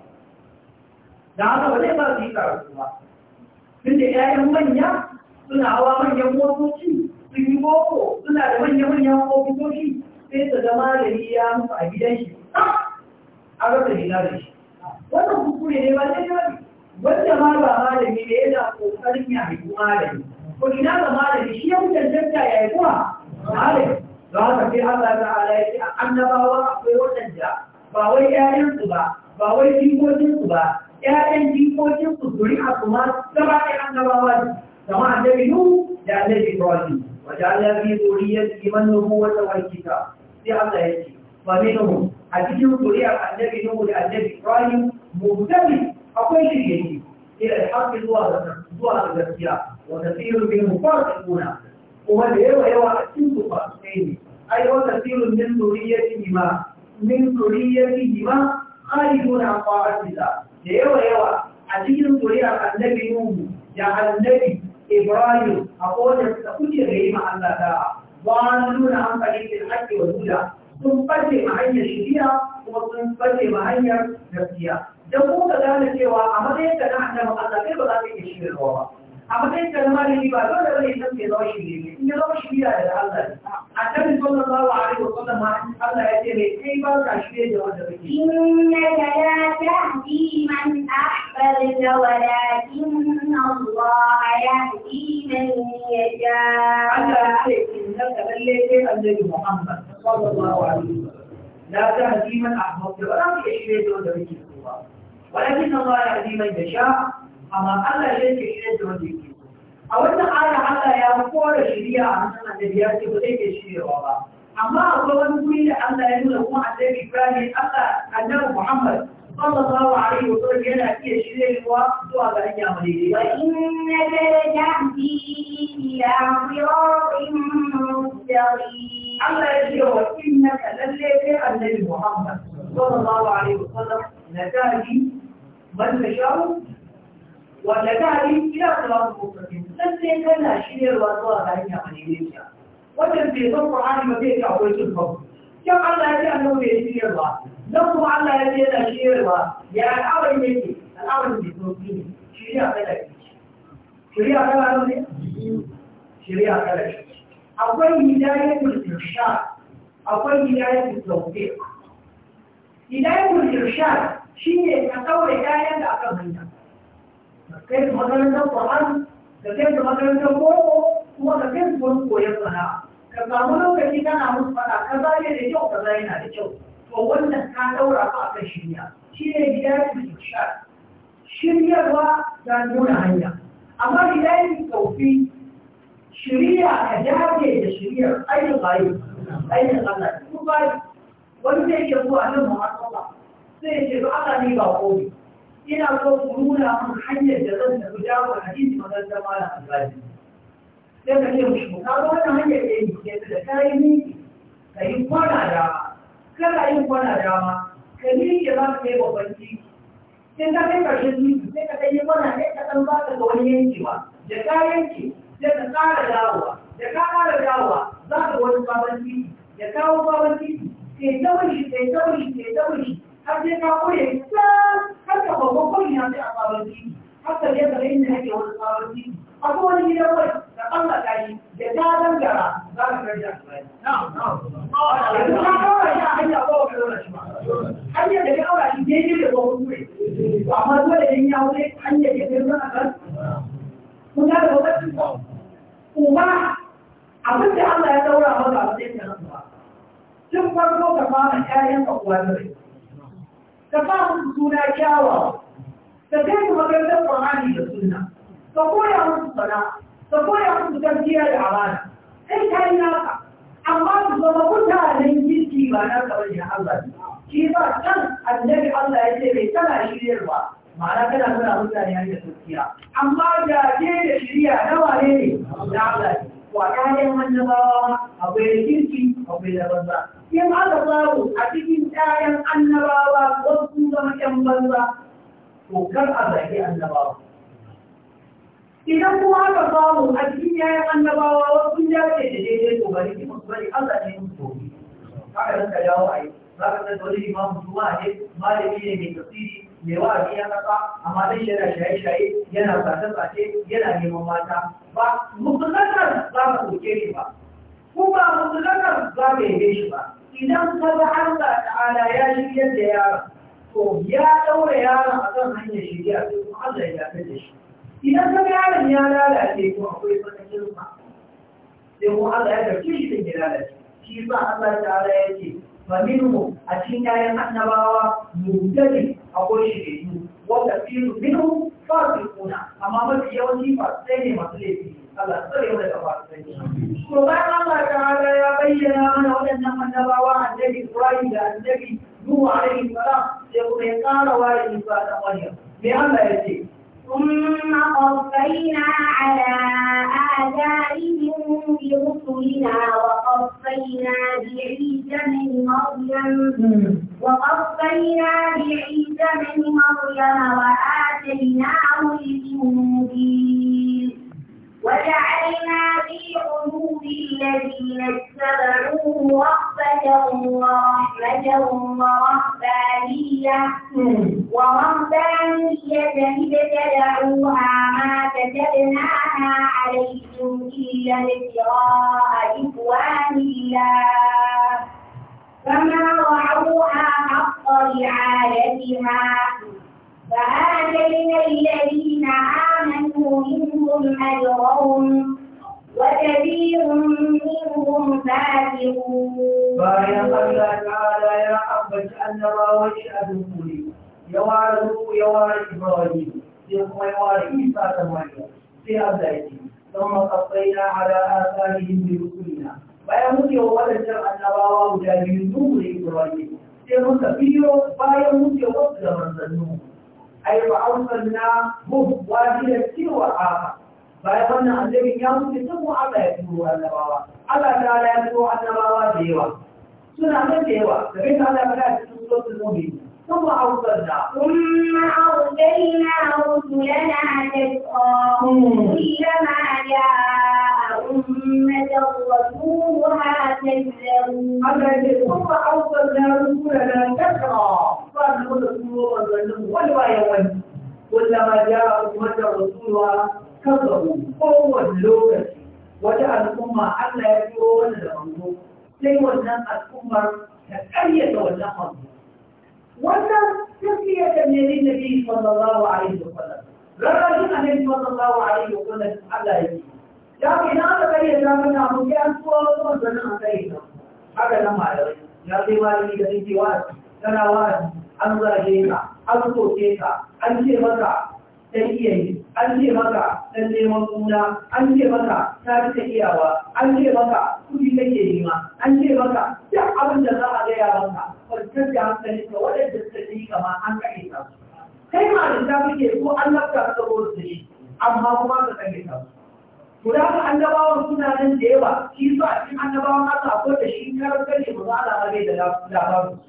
da haka ba zai ba su yi karatu ba tun da ƴaƴan manya suna hawa manyan motoci sun yi boko suna da manya-manyan ofisoshi sai su zama da ya musu a gidan shi a rasa gina da shi wannan kuskure ne ba sai rabi wanda ma ba malami ne yana kokarin ya haifi malami ko ina ga malami shi ya mutan tattaya ya kuwa sai Allah ta'ala ya ce a annabawa akwai waɗanda ba wai ƴaƴansu ba ba wai jikokinsu ba ƴaƴan jikokinsu zuri a kuma gaba ɗaya annabawa ne kama annabi Nuhu da annabi Ibrahim wa ja'ala fi zuriyyati man nubuwwata wal kitab sai Allah ya ce fa minhum a cikin zuriyar annabi Nuhu da annabi Ibrahim muhtadi akwai shirye ila al-haqqi zuwa zuwa gaskiya wa kathirun minhum fasiquna kuma da yawa yawa a cikin su fasikai ne أي وكثير من ذريتهما من ذريتهما خالفون عن طاعة الله ليوا يوا أتيجن ذريع النبي نوح يا النبي إبراهيم أقول تقول غير مع الله تعالى ضالون عن طريق الحق والهدى sun ɓace hanyar shiriya kuma sun ɓace hanyar gaskiya. Don kuka gane cewa a matsayin ka na annabi Allah kai ba za ka iya shirya ba. أبدا كلمة للجواب ولا ولا إنسان يدعو شيء يدعو شيء على الله حتى من صلى الله عليه وسلم الله يتبع كيف تشبيه جواب إنك لا تهدي من أحببت ولكن الله يهدي من يشاء الله إنك بلغت النبي محمد صلى الله عليه وسلم لا تهدي من أحببت ولا تشبيه جواب ولكن الله يهدي من يشاء amma Allah ya ke shirya da wanda yake a wannan aya Allah ya kora shiriya a hannun annabi ya ce ba zai ke shiryawa ba amma akwai wani guri da Allah ya nuna kuma annabi Ibrahim Allah annabi Muhammad sallallahu alaihi wa sallam yana iya shiryawa zuwa ga hanya mai daidai wa innaka lajahdi ila siratin mustaqim Allah ya ce wa innaka lalle kai annabi Muhammad sallallahu alaihi wa sallam najadi man tashau wanda ta hari ina kula da kokokin dan sai kana shiryarwa zuwa ga hanya madaidaiciya wannan bai san Qur'ani ba zai ga akwai cin babu kyan Allah ya ce annabi ya shiryarwa dan kuma Allah ya ce yana shiryarwa ya al'amari yake al'amari da sauki ne shirya kada ki shirya kada ne shirya kada ki akwai hidayatul irshad akwai hidayatul tawfiq hidayatul irshad shine ka kaure kayan da aka hanya kai su makarantar Qur'an da kai su makarantar boko kuma da kai su wani koyon sana'a ka samu lokaci kana musu faɗa, ka zage da kyau ka zage na da kyau to wannan ka daura ka akan shirya shi ne bidayatul irshad shiryarwa da nuna hanya amma bidayatul tawfiq shirya ka dage da shiryar ayyukan bayi ayyukan Allah duk bayi wani zai iya zuwa nan Muhammad sai ya ce ba Allah ne ba komai ina so ku nuna mun hanyar da zan tafi jawo hadisi magan da mala albani sai ka ce mu ka ga wannan hanyar da yake ke da kai ni ka yi kwana dama kana yin kwana dama ka ni ya ba ka yi babban titi sai ka kai karshen shi sai ka kai kwana ne ka san ba ka ga wani yanki ba da ka yanki sai ka ƙara dawowa da ka ƙara dawowa za ka wani babban titi da kawo babban titi sai ta wuri sai ta wuri sai ta wuri har sai ka koye ta har ka babban koyi na sai a tsaron titi har ka je gare inda nake wani tsaron titi a ko wani gidan wani da Allah ta yi da ta dangara za ka karya su bai yanzu ka kawai ya hanya ko wa kazo shi ba hanya da ka aura shi daidai da ko kuskure amma dole in ya wuce hanya ke sai zan akan kun ga da wani kuma abin da Allah ya daura maka a matsayin da nan ba tun farko ka fara ƴaƴan ka kuwa da rai ka ba musu suna kyawawa ka kai su makarantar Qur'ani da sunna ka koya musu sana, ka koya musu gaskiya da amana kai yi naka amma su zama mutanen kirki ba na kamar ya Allah shi ba kan annabi Allah ya ce bai tana shiryarwa ma'ana kana nuna mutane hanyar gaskiya amma da ke da shirya na wane ne na Allah ne wa kayan annabawa akwai da kirki akwai da banza in aka samu a cikin ƴaƴan annabawa wasu zama ƴan banza to kar a zaki annabawa idan kuma aka samu a cikin ƴaƴan annabawa wasu ya ce da daidai to bari ki musu bari Allah ne musu gobe haka nan ka dawo a yi za ka san wani imamu juma'a ne malami ne mai tafsiri mai wa'azi ya kasa amma dai yana shaye-shaye yana sace-sace yana neman mata ba mutlakar za ka ɗauke shi ba kuma mutlakar za ka yabe shi ba idan ka ga Allah ta'ala ya shirya da yaron to ya ɗaura yaron a kan hanyar shirya sai kuma Allah ya fi da shi idan ka ga yaron ya lalace to akwai matsayin ma sai kuma Allah ya ɗauke shi da ya lalace shi yasa Allah ta'ala ya ce fa minhu a cikin ƴaƴan annabawa mutane akwai shirye shiriyu wanda filu minhu fasiquna amma mafi yawanci fasai ne masu laifi Allah tsare mu daga fasikanci سبحان الله تعالى يا بينا من أولنا من نبوا النبي إبراهيم نبي نوح عليه السلام يقول قال وارد إنسان مريم بأما يجي ثم قفينا على آثارهم برسلنا وقفينا بعيسى من مريم وقفينا بعيسى من مريم وآتيناه الإنجيل وجعلنا في قلوب الذين اتبعوه رحمة ورحمة ورهبانية ورهبانية ابتدعوها ما كتبناها عليكم إلا ابتغاء إخوان الله فما رعوها حق رعايتها فآتينا الذين آمنوا منهم أجرهم وكثير منهم فاسقون. بارك الله تعالى يا أبت أن راوي أدخلي يوارد يوارد إبراهيم ثم يوارد عيسى ثمانية في أبدائه ثم قطينا على آثارهم برسلنا bayan wucewar wadancan annabawa guda biyu nuhu da ibrahim sai muka biyo bayan wucewar da manzannu أي وأرسلناه واحدا سوى آخر فيظن أن لم يوم تسمو أبا يسمو النبوة أبا تعالى يسمو النبوة ديوة سنة من ديوة فبين على بلاد سورة ثم أرسلنا ثم أرسلنا رسلنا تسقى كلما جاء أمة رسولها كذبوا أبا ثم أرسلنا رسلنا تسقى ba su da turo manzannin wani bayan wani kullama ja ummata kan kafaru kowane lokaci wata al'umma Allah ya fi wani da manzo sai wannan al'ummar ta ƙaryata wannan manzo wannan tafiya da ne ne nabi sallallahu alaihi wa sallam rarrashin annabi sallallahu alaihi wa sallam Allah ya yi ya ke na aka ƙaryata mana mu sai an turo wani manzannin a ƙaryata haka nan malamai ya sai malami da nake wa'azi tana wa'azi an zarge ka an soke ka an ce maka dan iyayi an ce maka dan neman suna an ce maka ta fi ta iyawa an ce maka kuɗi kake nema an ce maka duk abin da za a gaya maka kwantar da hankali ka wajen da suka ji kama an kaɗe ta kai ma da ta ko an lafta ka zo da shi amma kuma ka kaɗe ta su guda ga annabawan suna nan da yawa shi su a cikin annabawan haka ko da shi karar kare mu za a labarai da labarin su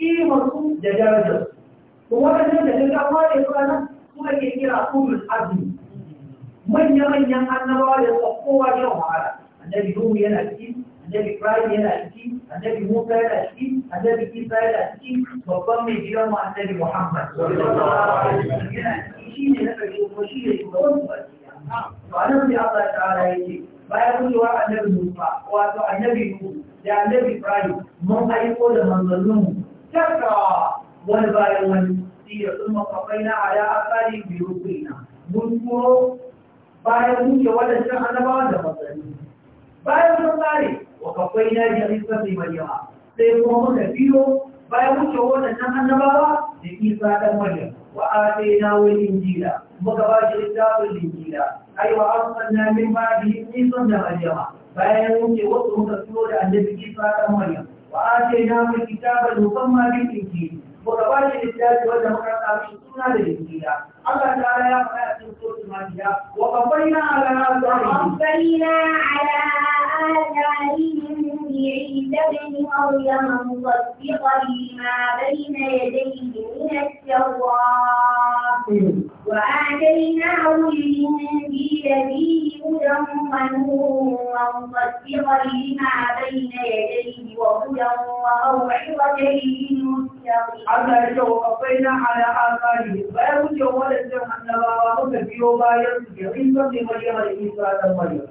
kimarsu da darajarsu to waɗannan da daga ware kwanan kuma ke kira ulul azmi manya-manyan annabawa da suka kowa yau wahala annabi Nuhu yana ciki annabi Ibrahim yana ciki annabi Musa yana ciki annabi Isa yana ciki babban mai gidan mu annabi Muhammad yana ciki shi ne na ƙarshe kuma shi ne shugaban to anan sai Allah ta'ala yake bayan kullum annabi Musa wato annabi Nuhu da annabi Ibrahim mun aiko da manzanninmu jarrawa wani bayan wani iya sun makafaina a ya asali biyu kuina mun kuro bayan wuce wadancan annabawan da masani bayan sun tsare wa na ya isa mai maryama sai kuma muka biyo bayan wuce wadancan annabawa da isa dan maryam wa atayna wal injila muka ba shi littafin injila ai wa arsalna min ba'dihi isa da maryama bayan wuce wasu muka siyo da annabi isa dan maryam wace na mu kitabar hukum ma bi tinki ko da wace littafi wanda muka sa shi suna da tinki da Allah ta ya faɗa a cikin surat Maida wa qabbalna ala azrihi qabbalna ala azrihi عيسى بن مريم مصدقا لما بين يديه من التوراة وآتيناه الإنجيل فيه هدى ونور ومصدقا لما بين يديه وهدى وموعظة للمتقين. Allah ya ce wa kafai na ala asali bayan wucewar da jin annabawa muka biyo bayan su ke rinsan da Maryam da Isa da Maryam.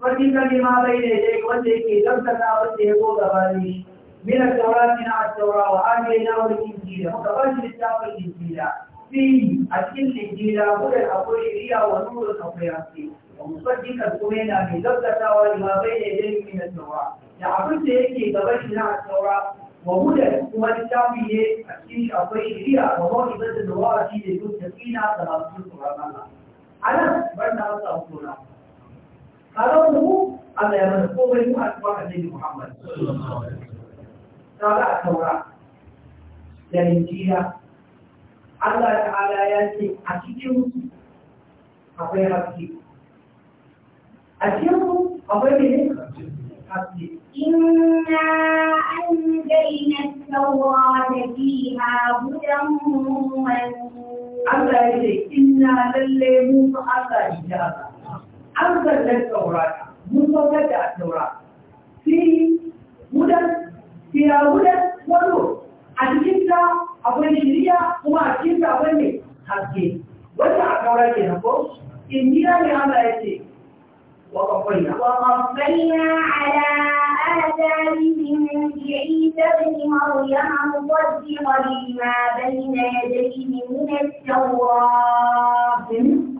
wani kan ma bai ne dai wanda yake dantata wanda ya goga ba ne mina saura mina a saura wa an yi na wani injira muka ba shi littafin injira fi a cikin injira wurin akwai riya wa nuna kafa ya ce a musaddi kan kuma yana mai dantata wa ne ma bai ne dai da abin da yake gaba shi na a saura wa wuda kuma ne a cikin shi akwai riya wa mawani ba da wa'azi da duk da fina da masu sauran Allah. Alas, bar na wasu abubuwa. قالوا الله يمنع قومي مو أتباع النبي محمد صلى الله عليه وسلم تابع التوراة للإنجيل الله تعالى يأتي أكيد أبي أكيد أكيد أبي إنا أنزلنا التوراة فيها هدى ونور الله يقول إنا للي موسى الله إجابة an zallar tsaurata mun saukar da taura fi wudan fiya wudan wado a ta akwai shirya kuma a ta akwai mai haske wata a taura ke na ko in gida ne ana ya ce وقفينا وقفينا على آثارهم بعيسى ابن مريم مصدقا لما بين يديه من التوراة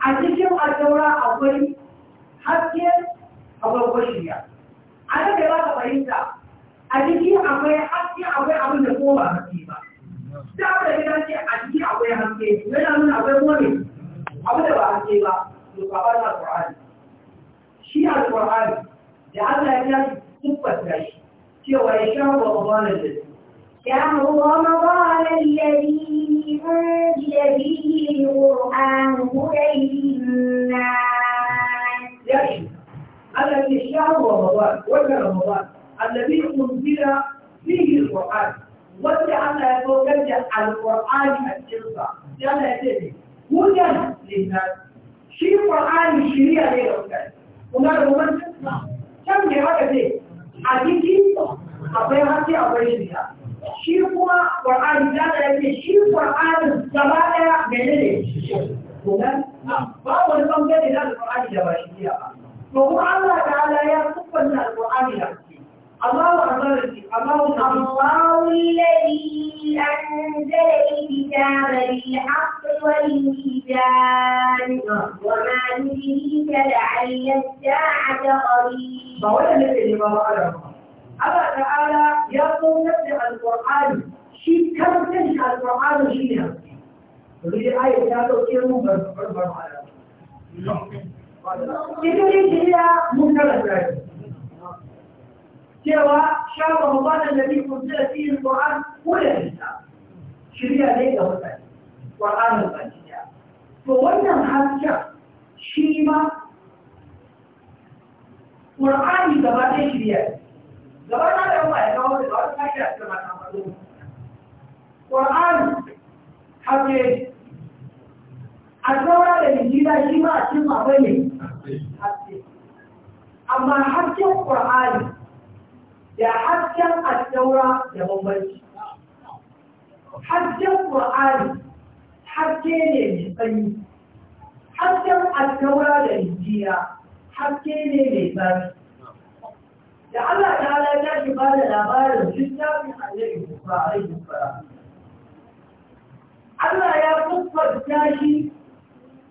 a cikin aljaura akwai haske akwai kwashiya a nan da za fahimta a cikin akwai haske akwai abin da kowa haske ba da aka yi dace a cikin akwai haske yana nuna akwai kone abin da ba haske ba to ba ba na qur'ani shi al qur'ani da Allah ya yi tabbata shi cewa ya sha wa qur'ani شهر رمضان الذي أنزل فيه القرآن هدى للناس يعني في شهر رمضان ولا رمضان الذي أنزل فيه القرآن وجعل يتوجد القرآن الجنسة جعل يتبه هدى للناس شيء القرآن الشريعة غير الكلام وما الرومان نعم. كم جواب ده حديثي أبي هاتي أبي شريعة shi kuma Qur'ani da ya ce shi Qur'ani gaba daya menene to nan ba wani bangare da Qur'ani da ba shi ba to kuma Allah ta'ala ya kubanta Qur'ani da الله أكبر الله الله الذي أنزل الكتاب بالحق والميزان وما يدريك لعل الساعة قريب. Allah ta'ala ya saukar da alƙur'ani shi karfin shi alƙur'ani shi ne domin da ayat ta ɗauke mu barbar ma'ana ita ne shi ya mun karanta cewa shafa mabanan da bi kuntura fi alƙur'an ko da nisa shirya ne ga mutane ƙur'anin baki ɗaya to wannan hasken shi ma ƙur'ani gaba ɗaya shirya ne haske a saura da jikina shi ma a cin akwai ne haske amma hasken ƙwar'ani da hasken addaura da bambanci hasken ƙwar'ani haske ne mai tsanyi hasken addaura da jikina haske ne mai zafi da Allah ta halatta shi ba da labarin littafin annabi Musa alaihi salam Allah ya kusurta shi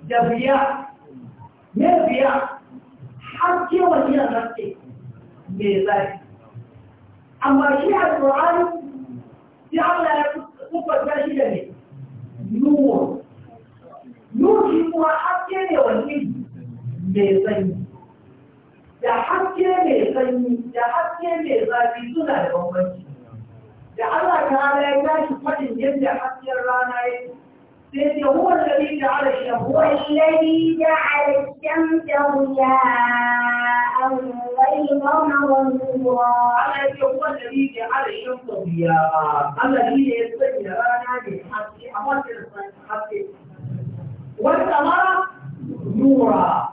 da biya ne biya har wani iya haske mai zai. amma shi a ƙorani Allah ya kusurta shi da ne nuwa nuwa kuma haske ne wani mai sanyi da haske mai sanyi da haske mai zafi suna da bambanci da Allah ta ya tashi faɗin yadda hasken rana yake sai ya huwa alladhi ja'ala ash-shamsa huwa alladhi ja'ala ash-shamsa diya'an wa al-qamara nuran Allah ya huwa alladhi ja'ala ash-shamsa diya'an Allah ne ya sanya rana ne haske amma sai haske wal qamara nura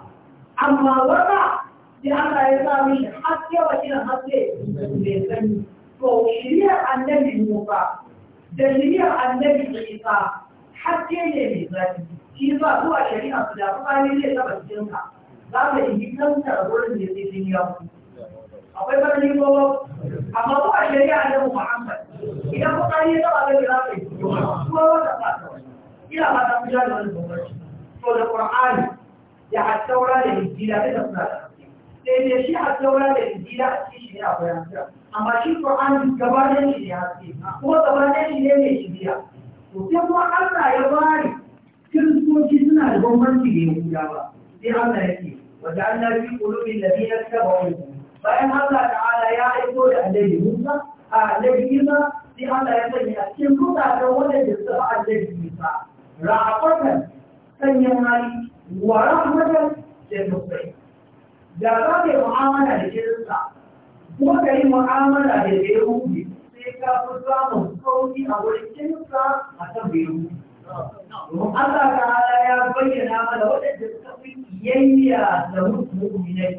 amma wata sai Allah ya sa mishi haske wa shi haske mai sanyi to shiriyar annabi Musa da shiriyar annabi Isa haske ne mai zafi shi zuwa zuwa shari'a su da fukani zai taba cikinka za ka yi kantar wurin da zai jin yau akwai farni ko amma zuwa shari'a annabi Muhammad idan fukani ya taba zai za ka yi kuma wata fata ina ba ta fi jami'ar da to da Qur'ani da hattaura da Injila da suna da sai eh, shi a saura da injila a cikin ne a bayansa amma shi Qur'an da shi ne haske kuma gaba gabanin shi ne mai shiriya to sai kuma Allah ya bari kiristoci suna da bambanci da Yahuda ba sai Allah yake wa ja'alna fi qulubi alladhina tabi'u bayan Allah ta'ala ya aiko da annabi Musa a annabi Isa sai Allah ya sanya a cikin kudaden waɗanda suka ba annabi Isa ra'afatan sanyan hali wa rahmatan da nufai da za ka yi mu'amala da kirista kuma ka yi mu'amala da yahudi sai ka fi samun sauki a wurin kirista a kan yahudi domin Allah ta'ala ya bayyana mana waɗanda suka fi kiyayya da mu'minai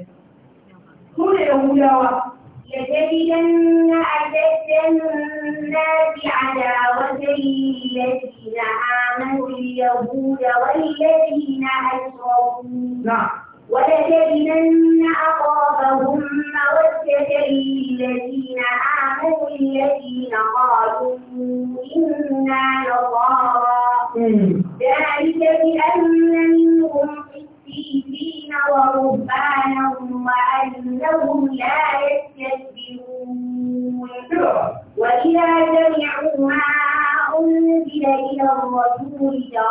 su ne yahudawa لتجدن أشد الناس عداوة للذين آمنوا اليهود والذين أشركوا نعم ولتجدن أقربهم مودة للذين آمنوا الذين قالوا إنا نصارى ذلك بأن منهم قسيسين ورهبانا وأنهم لا يستكبرون وإذا سمعوا ما أنزل إلى الرسول ترى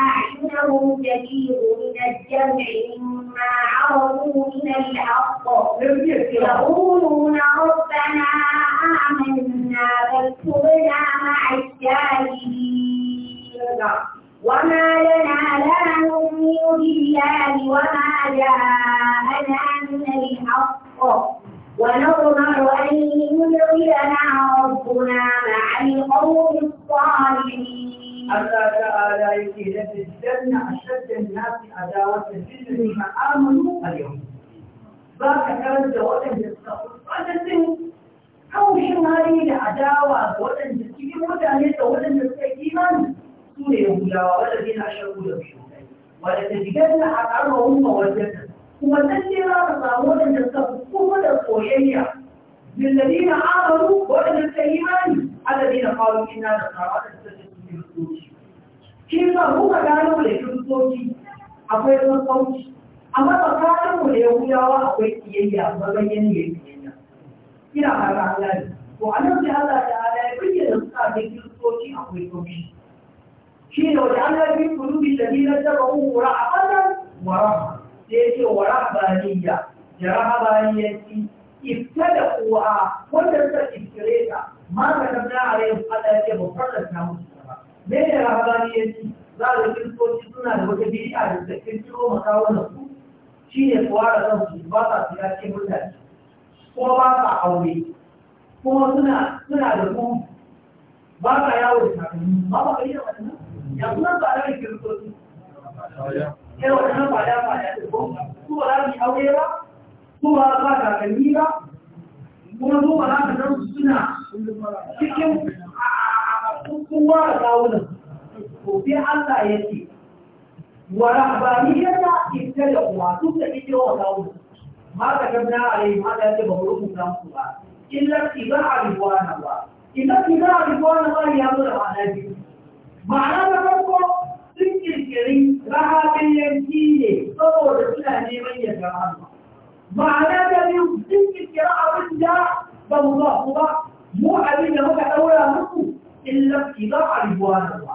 أعينهم تفيض من الدمع مما عرفوا من الحق يقولون ربنا آمنا فاكتبنا مع الشاهدين وما لنا لا نؤمن بالله وما جاءنا من الحق ونطمع يضل لنا ربنا مع القوم الصالحين الله تعالى يجعل الجنة أشد الناس عداوة للذين آمنوا اليوم ذاك كرد وأن يستقبل haushin hali da adawa ga waɗanda cikin mutane da waɗanda suka yi imani su ne yahudawa waɗanda na shakku da shi waɗanda digar na a ƙarfa wumma wajen kuma nan ne za ka samu waɗanda suka kuma da soyayya للذين آمنوا وإلى الإيمان الذين قالوا إنا نصارى نستجد كيف هم كانوا لكريستوسي أقوى الصوت أما تقالوا ليهودا وأقوى كيئيا وبين يكيئيا إلى هذا الله وعلم الله تعالى كل نصارى لكريستوسي أقوى صوت شيء وجعلنا في قلوب الذين اتبعوه رأفة ورحمة ليس ورهبانية رهبانية ابتدأوها وتبدأ إشتريتها ما كتبنا عليهم على أن مفرد ناموس من الرهبانية ذلك الكوتي سنة وتبيعي على التكتير مكاونة شيء فوارة نفسي باطا في هذه المدة وباطا حولي kuma suna suna da ku ba ka yawo da takalmi ba ba ka yi wannan yanzu nan ba da kirkoki yawa nan ba da ba da ko ku ba za mu yi aure ba ko ba za ka kalli ba kuma zo ba za ka san suna cikin kowa da kawunan ko sai Allah ya ce wa rahbaniyata ita da uwa duk da ita wa kawunan ma ka gabna alai ma da ce ba mu rubuta muku ba illa tiba alwana ba illa tiba alwana ba ya zo da ma'ana biyu ma'ana na farko sun kirkiri rahabin yanki ne saboda suna neman yadda Allah ma'ana da biyu duk kirkira abin da ba mu ba ku ba mu abin da muka daura muku illa ila arjuwana ba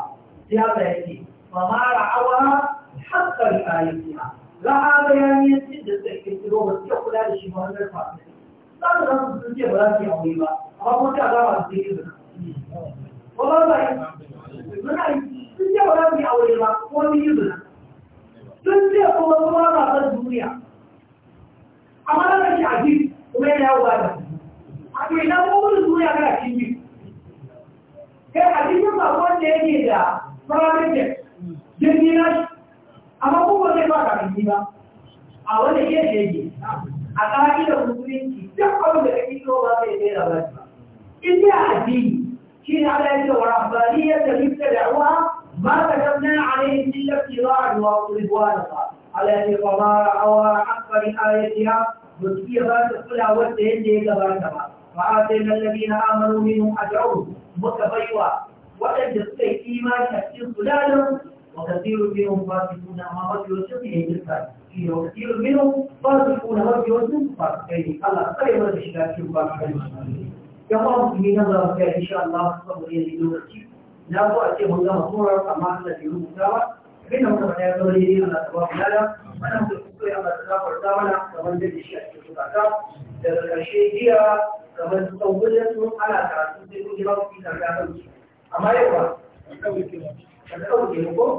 ya da yake fa ma ra'awa hakka ayatiha ra'a bayani yadda da suka kirkiro ba su kula da shi ba wannan fa za su ga sun ce ba za su yi aure ba amma kuma ta ga ba su yi ba ko ba ba muna sun ce ba za su yi aure ba ko ni yi ba sun ce kuma kuma ba duniya amma na kashi a jiri kuma yana yawo ba a to ina ko wani zuwa ya kana cikin kai a cikin ba wanda yake da private jirgin nashi amma ko ba zai ba ka kashi ba a wani ke da yake a ƙa'idar musulunci duk abin da kake so ba zai tsera ba in dai addini shi ne Allah ya ce wa rabbaniyar da bisa da'uwa ma ka zamna alaihi illa ibtida'a wa ridwana التي وما رأوا حق رعايتها مذكيها تقلع والدين لجبارتها وآتينا الذين آمنوا منهم أجرهم متبيوا ولم يستطيع إيمان تكتير ضلالا وكثير منهم فاسقون أما ربي وسطه بالفعل وكثير منهم فاسقون ربي وسطه فاسقين الله خير الإشكال في الواقع كما مسلمين الله إن شاء الله صبر يزيدون الشيء لا تؤتي هنا مصورا أما الذي هو inda muka faɗa ya zo daidai Allah ta ba mu lada wannan muka kuskure Allah ta gafarta mana kamar da shi a cikin zukata daga ƙarshe jiya kamar sau kullum sun ana karatu sai kun ji ba ku kisa ga kan su amma yau ba ka ɗauka taimako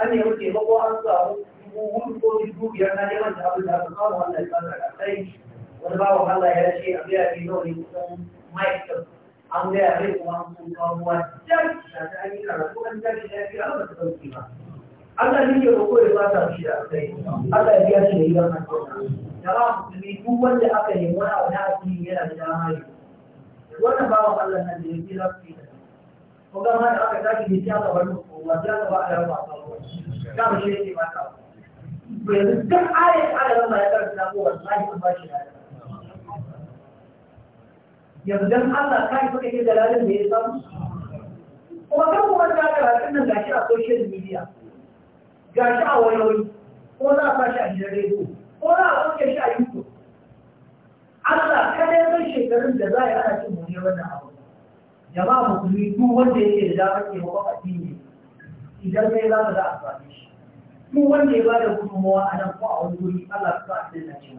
an nemi taimako an samu dubu hudu ko dubu biyar na neman da abin da aka samu wannan ya tsara kasai wani bawan Allah ya ce a biya biyu nawa ne kusan ma'aikatan an gaya mai kuma an kuma kawo ruwa jan da ta an yi karatu an jan da ya fi a ba ta ɗauki ba Allah ne ke roƙo ya ba ta shi a kai Allah ya biya shi da yiwuwar nan da ba musulmi duk wanda aka yi wani abu na addini yana da dama yi wannan bawan Allah nan da ya fi lafi da ko ga ma da aka tashi da ta gaban kowa ta gaba a yawan masu da mu shi yake mata to yanzu duk ayat Allah ma ya karanta ko wallahi ba shi da yanzu dan Allah kai kuka yi dalalin da ya samu kuma kan kuma ta karatun nan gashi a social media ga shi a wayoyi ko za a fashi a gidan rediyo ko za a ɗauke shi a youtube Allah kada ya san shekarun da za a yi ana cin mune wannan abu jama'a musulmi duk wanda yake da damar maka addini idan kai za ka za a sami shi duk wanda ya bada gudunmawa a nan ko a wani wuri Allah ta sa da ce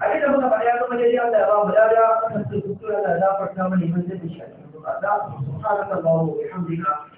a inda muka faɗa ya zama daidai Allah ya ba mu dada wannan sai kuskure Allah ya zafarta mana mun zai shi a cikin Za su bukata subhanallahi wa bihamdika